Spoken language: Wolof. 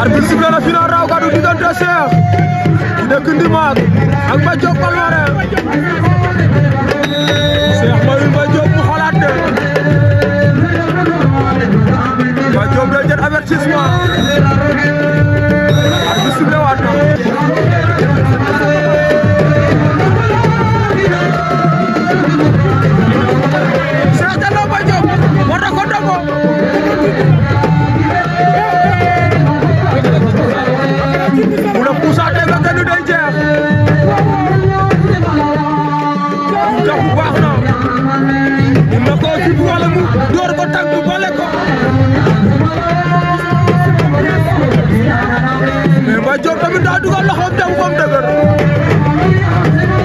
arbitre sifflé na final raw gadu diggante Cheikh bu dëkk Ndimaag ak Mbaye Diop Palmarin Cheikh mooy Mbaye Diop mu xalaat de Mbaye Diop day jël avertissement jox bu baax mu door ko tànk boole ko mais